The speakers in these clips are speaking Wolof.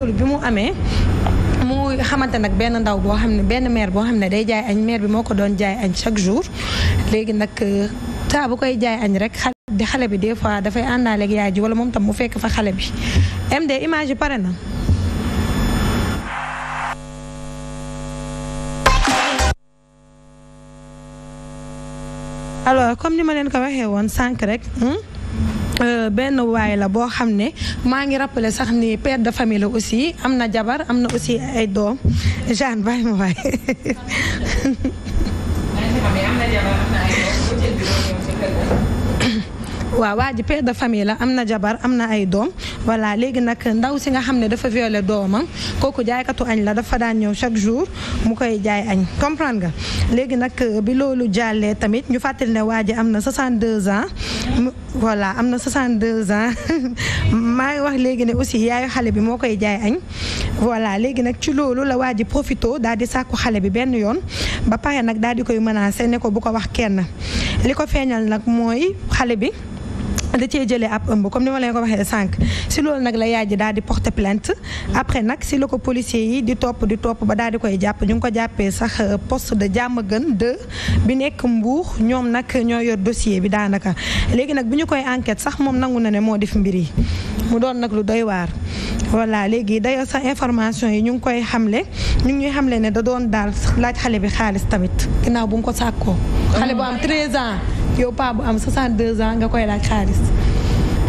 loolu bi mu amee mu xamante nag benn ndaw boo xam ne benn maire boo xam ne day jaay añ maire bi moo ko doon jaay añ chaque jour léegi nag saa bu koy jaay añ rek xale di xale bi des fois dafay àndaale ak yaay ji wala moom tam mu fekk fa xale bi de image pare na. alors comme ni ma leen ko waxee woon sànq rek. Hmm? Euh, benn waay la boo xam ne maa ngi rappelé sax ni père de famille aussi am na jabar am na aussi ay doom Jeanne bàyyi ma waay waaw waa ji père de famille la am na jabar am na ay doom voilà léegi nag ndaw si nga xam ne dafa violé doomam kooku jaaykatu añ la dafa daan ñëw chaque jour mu koy jaay añ comprendre léegi nag euh, bi loolu jàllee tamit ñu fàttali ne waa ji am na 62 ans voilà am na 62 ans maa ngi wax léegi ne aussi yaayu xale bi moo koy jaay añ voilà léegi nag ci loolu la waa ji profito daal di sàkku xale bi benn yoon ba pare nag daal di koy menacer ne ko bu ko wax kenn li ko feeñal nag mooy xale bi da cee jëlee ab ëmb comme ni ma leen ko waxee sànq si loolu nag la yaay ji daal di porter plainte après nag si la ko policier yi di topp di topp ba daal di koy jàpp ñu ngi ko jàppee sax euh, post de Diamaguène 2 bi nekk Mbour ñoom nag ñoo yor dossier bi daanaka léegi nag bu ñu koy enquête sax moom nangu na ne moo def mbir yi mu doon nag lu doy waar voilà léegi day sax information yi ñu ngi koy xamle ñu ngi ñuy xamle ne da doon daal laaj xale bi xaalis tamit ginnaaw bu ko sàkkoo xale yow paa bu am 62 ans nga koy laaj xaalis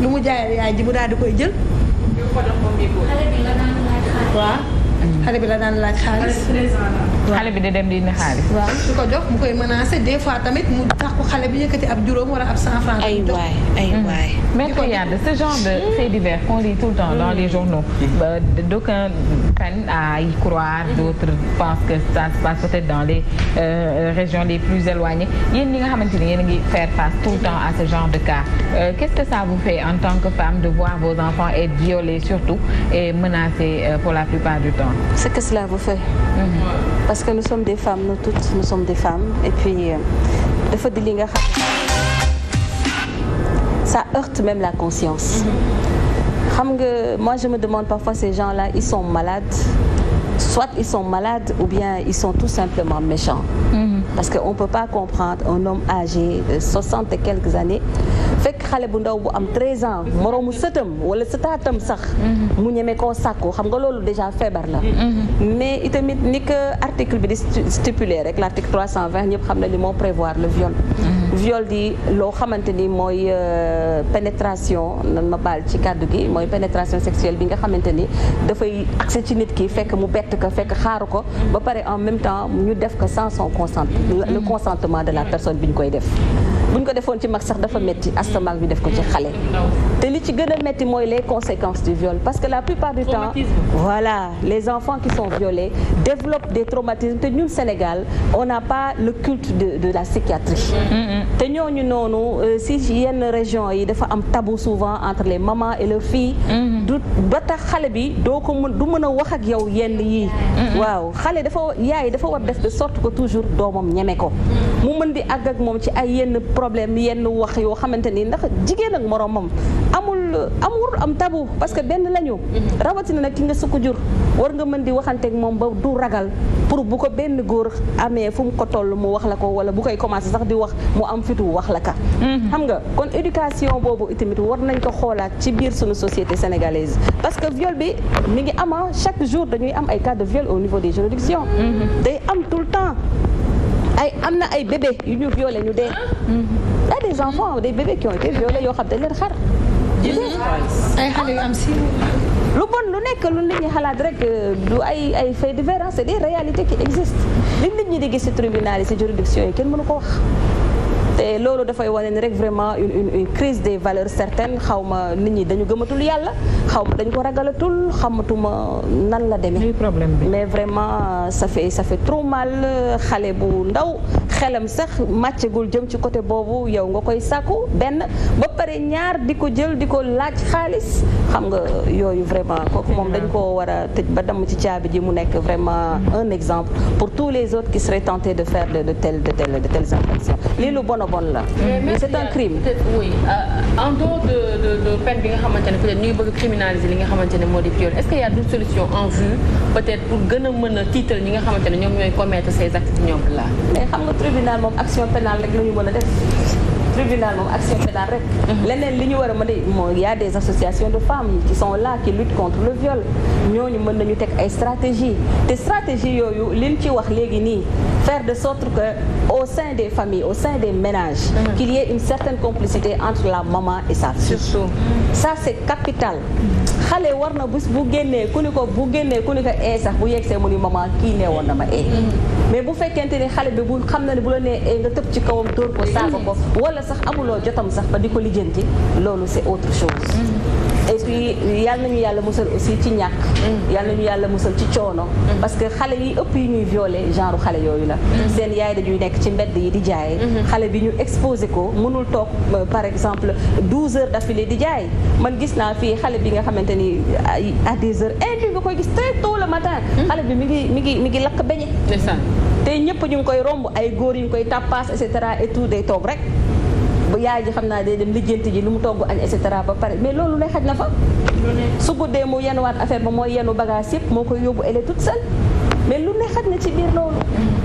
lu mu jaay yaay ji mu di koy jël. xale bi la daan laaj xaalis. waaw bi la daan laaj xaalis. xale bi di dem di indi xaalis. waaw su ko jox mu koy menacer des ko xale mm. ce genre de mm. faits divers qu'on lit tout le temps dans mm. les journaux. Mm-hmm. d'aucuns peinent à y croire, mm-hmm. d'autres pensent que ça se passe peut-être dans les euh, euh, régions les plus éloignées yéen ñi nga xamante ni yéen a ngi faire face tout le temps à ce genre de cas euh, qu'est-ce que ça vous fait en tant que femme de voir vos enfants être violés surtout et menacés pour la plupart du temps. Mm-hmm. ce parce que nous sommes des femmes nous toutes nous sommes des femmes et puis euh, dafa di li nga xam ça heurte même la conscience xam nga moi je me demande parfois ces gens-là ils sont malades soit ils sont malades ou bien ils sont tout simplement méchants mm -hmm. parce que on peut pas comprendre un homme âgé de soixante quelques années fekk xale bu ndaw bu am treize ans moroomu sëtam wala sëtaatam sax mhm. mu ñeme koo sàkku xam nga loolu déjà feebar la mhm. mais itamit ni que article bi di stipulé rek l' article trois cent vingt ñëpp xam na li moo prévoir le viol mhm. viol di loo xamante ni mooy euh, pénétration nan ma baal ci kàddu gi mooy pénétration sexuelle bi nga xamante ni dafay accès ci nit ki fekk mu bett ko fekk xaaru ko ba pare en même temps ñu def ko sans son consentement le mm-hmm. consentement de la personne bi ñu koy def buñ ko defoon ci mag sax dafa metti astamal bi def ko ci xale te li ci gën a metti mooy les conséquences du viol parce que la plupart du temps voilà les enfants qui sont violés développent des traumatismes te ñun Sénégal on n'a pas le culte de la psychiatrie mm-hmm. te ñooñu noonu euh, si yenn région yi dafa am tabou souvent entre les mamans et leurs filles mm-hmm. du ba tax xale bi doo ko mën du mën a wax ak yow yenn yi waaw xale dafa yaay dafa def de que toujours doomam ñeme ko mu mën di àgg ak moom ci ay yenn problème yenn wax yoo xamante nii ndax jigéen ak moroomam amul amul am tabu parce que benn lañu mm-hmm. rawatina nag ki nga sukk jur war nga mën di waxanteeg moom ba du ragal pour bu ko benn góor amee fu ko toll mu wax la ko wala bu koy commencé sax di wax mu am fitu wax la ka mm-hmm. xam nga kon éducation boobu itamit war nañ ko xoolaat ci biir suñu société sénégalaise parce que viol bi mu ngi ama ah, chaque jour dañuy am ay cas de au niveau des juridictions mm-hmm. ay am na ay bébé yu ñu violé ñu dee. ah des enfants des bébés qui ont été violés yoo xam dañ leen xar. ay xale yu am si. lu bon lu nekk lu nit ñi xalaat rek euh, du ay ay faits divers c'est des réalités qui existent li nit ñi di gis ci tribunal yi ci juridiction yi kenn mënu ko wax. te loolu dafay wane ni rek vraiment une une crise des valeurs certaines xawma nit ñi dañu gëmatul yàlla xaw ma dañu ko ragalatul xamatuma nan la demee. mais vraiment ça fait ça fait trop mal xale bu ndaw. xelam sax màccagul jëm ci côté boobu yow nga koy sàkku benn ba pare ñaar di ko jël di ko laaj xaalis xam nga yooyu vraiment kooku moom dañ koo war a tëj ba damm ci caabi ji mu nekk vraiment un exemple pour tous les autres qui seraient tentés de faire de telles de telles de telles infractions lii lu bon a bon la c'est un euh, crime oui euh, en dehors de de de peine bi nga xamante ne peut nga xamante ne moo di viol est-ce qu'il a en vue peut-être pour gën a mën a tiital ñi nga xamante ne ñoom ñooy commettre ces actes ñoom là tribunal moom action pénale rek la ñu mën a def tribunal rek. Mhm. leneen li ñu war a mën a moom y a des associations de femmes qui sont là qui luttent contre le viol ñooñu mën nañu teg ay stratégies te stratégie yooyu liñ ci wax léegi nii faire de sorte que au sein des familles au sein des ménages. Mhm. qu'il y ait une certaine complicité entre la maman et sa fille. surtout ça c'est capital. xale war na bés bu génnee ku ni ko bu génnee ku ni ko eh, bu yegsee mu ni maman woon na ma ee eh. mhm. mais bu fekkente ni xale bi bu xam na ne bu la nee eh, nga tëb ci kawam dóor ko saaga ko wala sax amuloo jotam sax ba di ko liggéenti loolu c'est autre chose mm-hmm. et puis yal nañu yàlla musal aussi ci ñàkk mm-hmm. yàlla ñu yàlla musal ci coono mm-hmm. parce que xale yi ëpp yi ñuy violer genre xale yooyu la seen yaay dañuy nekk ci mbedd yi di jaay xale bi ñu exposé ko mënul toog euh, par exemple 12 heures d'affilée di jaay man gis naa fii xale bi nga xamante ni ay 10 heures et koy gis très tôt le xale bi mi ngi mi ngi mi ngi lakk beñe te ñëpp ñu ngi koy romb ay góor yu ngi koy tappaas et cetera tout day toog rek yaay ji xam naa day dem lijjanti ji lu mu togg añ et cetera ba pare mais loolu lay xaj na fa su guddee mu yenuwaat affaire ba mooy yenu bagage yëpp moo koy yóbbu elle toute mais lu ne xaj na ci biir loolu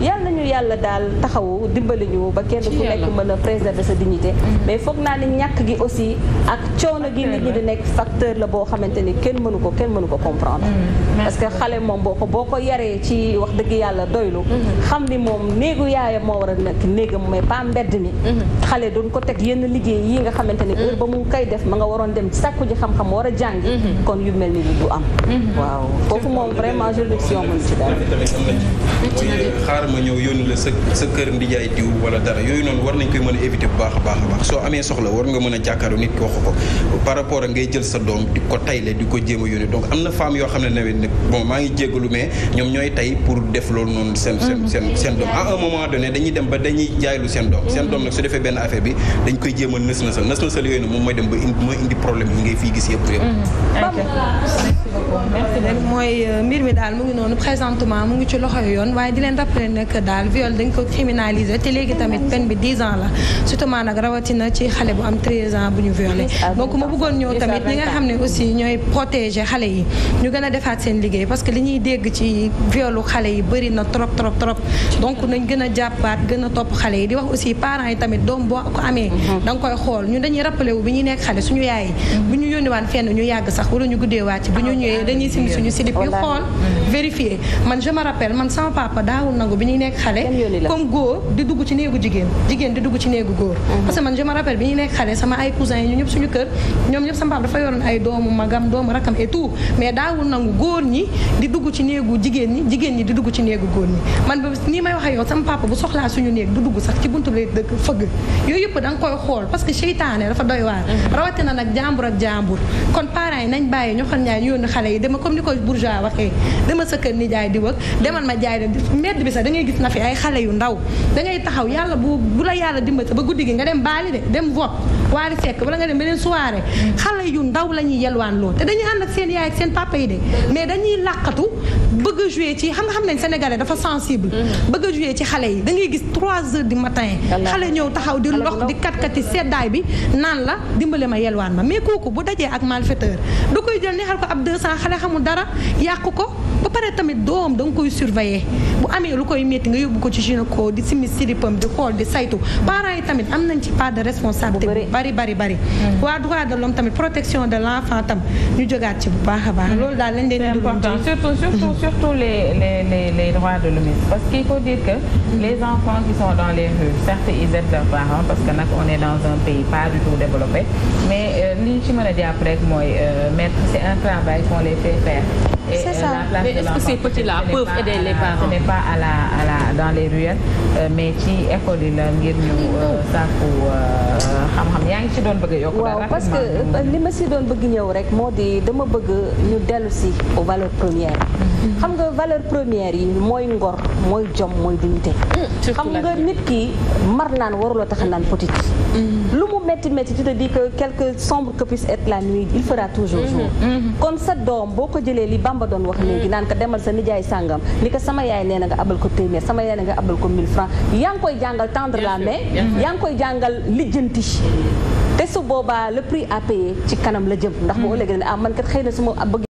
yal nañu yàlla daal taxawu dimbali ñu ba kenn ku nekk mën a préserver sa dignité mm-hmm. mais foog naa ni ñàkk gi aussi ak coono gi nit ñi di nekk facteur la boo xamante ni kenn mënu ko kenn mënu ko comprendre mm-hmm. parce que xale moom boo ko boo ko yaree ci wax dëgg yàlla doylu mm-hmm. xam ni moom néegu yaayam moo war a nekk néegam mais pas mbedd mi xale doon ko teg yenn liggéey yi nga xamante ni heure ba mu koy def ma nga waroon dem sàkku ji xam war a jàngi kon yu mel ni du am waaw foofu moom vraiment juridiction mënu ci dara tamit am nañ mooy xaar ma ñëw yónni la sa sa kër ndijaay diw wala dara yooyu noonu war nañ koy mën a éviter bu baax a baax a baax soo amee soxla war nga mën a jàkkaaru nit ki wax ko par rapport ak ngay di ko tayle di ko a yónni donc am na femme yoo xam ne nawet nag bon maa ngi mhm. dañuy dem ba dañuy jaaylu seen doom seen doom nag su defee benn affaire bi dañ koy jéem a nës nasal nës nasal yooyu nag moom mooy dem ba indi mooy indi problème yi ngay fii gis yëpp mhm. mooy euh, mbir mi daal mu ngi noonu également mu ngi ci loxoy yoon waaye di leen rappeler nag daal viol dañ ko criminaliser te léegi tamit peine bi 10 ans la surtout nag rawatina ci xale bu am 13 ans bu ñu violé ah, donc ma bëggoon ñëw tamit ñi nga xam ne aussi ñooy protéger xale yi ñu gën a defaat seen liggéey parce que li dégg ci violu xale yi bëri na trop trop trop donc nañ gën a jàppaat gën a topp xale yi di wax aussi parents yi tamit doom boo ko amee mm-hmm. da nga koy xool ñun dañuy rappelé wu bi ñuy nekk xale suñu yaay mm-hmm. bu ñu yónniwaan fenn ñu yàgg sax wala ñu guddee wàcc bu ñu ah, ñëwee dañuy sim suñu silip yu xool mm-hmm. vérifier man je me rappelle man sama papa daawul nangu bi ñuy nekk xale comme góor di dugg ci néegu jigéen jigéen di dugg ci néegu góor mhm. parce que man je me bi ñuy nekk xale sama ay cousins yi ñu ñëpp suñu kër ñoom ñëpp sama papa góor ñi di dugg ci néegu jigéen ñi jigéen ñi di dugg ci néegu góor ñi man ba nii may wax ak yow sama papa bu soxlaa suñu néeg du dugg sax ci buntu lay dëkk fëgg yooyu yëpp da koy xool parce que seytaane dafa doy waar mhm. rawatina nag jàmbur ak jàmbur kon parents yi nañ bàyyi ñoo xam ñaay ñu yónni xale yi dama comme ni ko bourgeois waxee dama sa demal ma jaay leen bi sax da ngay gis na fi ay xale yu ndaw da taxaw yàlla bu bu la yàlla dimbali ba guddi gi nga dem baali de dem vote waali fekk wala nga dem beneen soirée xale yu ndaw la ñuy yelwaan loo te dañuy ànd ak seen yaay ak seen papa yi de mais dañuy làqatu bëgg a joué ci xam nga xam nañ sénégalais dafa sensible mm-hmm. bëgg a joué ci xale yi da ngay gis 3 heures du matin xale ñëw taxaw di lox di katkati seddaay bi naan la dimbale ma yelwaan ma mais kooku bu dajee ak malfaiteur koy jël neexal ko ab 200 xale xamul dara yàq ko ba pare tamit doom da nga koy surveiller bu amee lu koy métti nga yóbbu ko ci gynéco di simi siripam di xool di saytu parents yi tamit am nañ ci part de responsabilité bu bari bari bari hmm. waa droit de l'homme tamit protection de l'enfant tam ñu jógaat ci bu baax a baax hmm. loolu daal lañ leen di surtout surtout hmm. surtout les les les les droits de l'homme parce qu'il faut dire que les enfants qui sont dans les rues certes ils aident leurs parents parce que nag on est dans un pays pas du tout développé mais euh, li ci mën a jàpp rek mooy euh, mettre c'est un travail qu'on les fait faire. Et c'est euh, ça. la place mais est-ce que ces petits-là peuvent aider les parents. ce pas à la à dans les ruelles euh, mais ci école yi la ngir ñëw euh, sàkku xam-xam yaa ngi ci doon bëgg a yokk. waaw parce que li ma si doon bëgg ñëw rek moo di dama bëgg ñu dellu si aux valeurs mm-hmm. xam nga valeur première yi mooy ngor mooy jom mooy dignité. Mm, xam nga nit ki mar naan waruloo tax naan petit. Mm-hmm. lu mu métti métti tu te dis que quelque sombre que puisse être la nuit il fera toujours jour kon mm-hmm. mm-hmm. sa doom boo ko jëlee li Bamba doon wax léegi naan ko demal sa nijaay sàngam ni ko sama yaay nee na nga abal ko téeméer sama yaay nee na nga abal ko 1000 francs yaa ngi koy jàngal tendre la main yaa ngi koy jàngal lijjanti te su boobaa le prix à ci kanam la jëm ndax moo ëllëgee ne ah man kat xëy na su ma bëgg